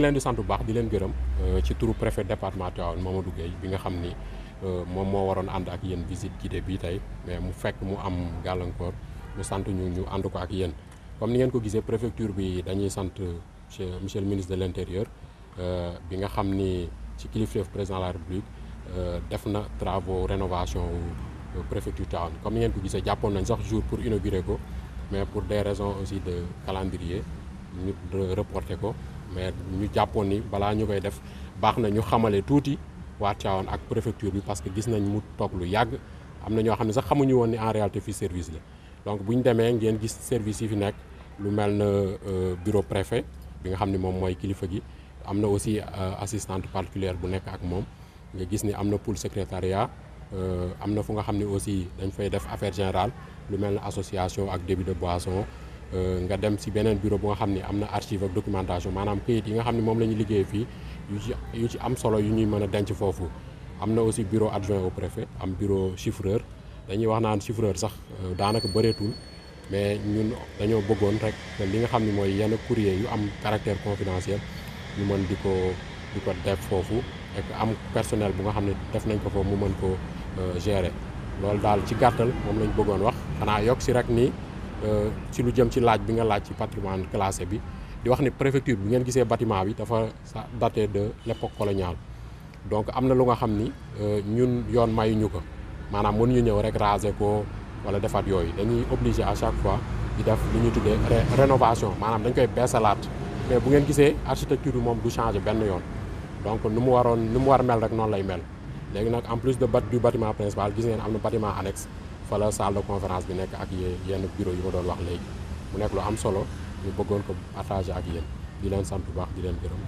ngi leen di sant bu baax di leen gërëm euh, ci turu préfet département Tivaouane Mamadou Gueye bi nga xam ni euh, moom moo waroon ànd ak yéen visite guidée bii tey mais mu fekk mu am gàllankoor mu sant ñu ñu ànd ko ak yéen comme ni ngeen ko gisee préfecture bi dañuy sant monsieur le ministre de l'intérieur euh, bi nga xam ni ci kilifteef président de la république def na travaux rénovation préfecture Tivaouane comme ni ngeen ko gisee jàppoon nañ sax jour pour inaugurer ko mais pour des raisons aussi de calendrier ñu reporté ko mais ñu jàppoon ni balaa ñu koy def baax na ñu xamale tuuti waa Tivaouane ak préfecture bi parce que gis nañ mu toog lu yàgg am na ñoo xam sax xamuñu woon ni en réalité fii service la donc bu ñu demee ngeen gis service yi fi nekk lu mel euh, bureau préfet bi nga xamni mom moy kilifa gi amna na aussi euh, assistante particulière bu nek ak mom nga gis ni amna pool secrétariat euh, amna fu nga xamni aussi dañ fay def affaire générale lu mel association ak débit de boisson Euh, nga dem si beneen bureau bu nga xam ne am na archive ak documentation maanaam këyit yi nga xam ne moom la ñu liggéey fii yu ci yu ci am solo yu ñuy mën a denc foofu am na aussi bureau adjoint au préfet am bureau chiffreur dañuy wax naan chiffreur sax euh, daanaka bëreetul mais ñun dañoo bëggoon rek li nga xam ni mooy yenn courrier yu am caractère confidentiel ñu mën di ko di ko def foofu ak am personnel bu nga xam ne def nañ ko foofu mu mën ko euh, gérer loolu daal ci gàttal moom lañ bëggoon wax xanaa yokk Euh, ci lu jëm ci laaj bi nga laaj ci patrimoine classé bi di wax ne préfecture bi ngeen gisee batiment bi dafa daté de l'époque coloniale donc am na lu nga xam ni euh, ñun yoon mayuñu ko maanaam mënuñu ñëw rek raser ko wala defaat yooyu dañuy obligé à chaque fois di def lu ñu tuddee rénovation maanaam dañ koy beesalaat mais bu ngeen gisee architecture bi moom du changé benn yoon donc nu mu waroon nu mu war mel rek noonu lay mel léegi nag en plus de bat du bâtiment principal gis am na bâtiment annexe fa la salle de conférence bi nekk ak yenn bureau yu ma doon wax léegi mu nekk lu am solo ñu bëggoon ko partager ak yéen di leen sant bu baax di leen gërëm.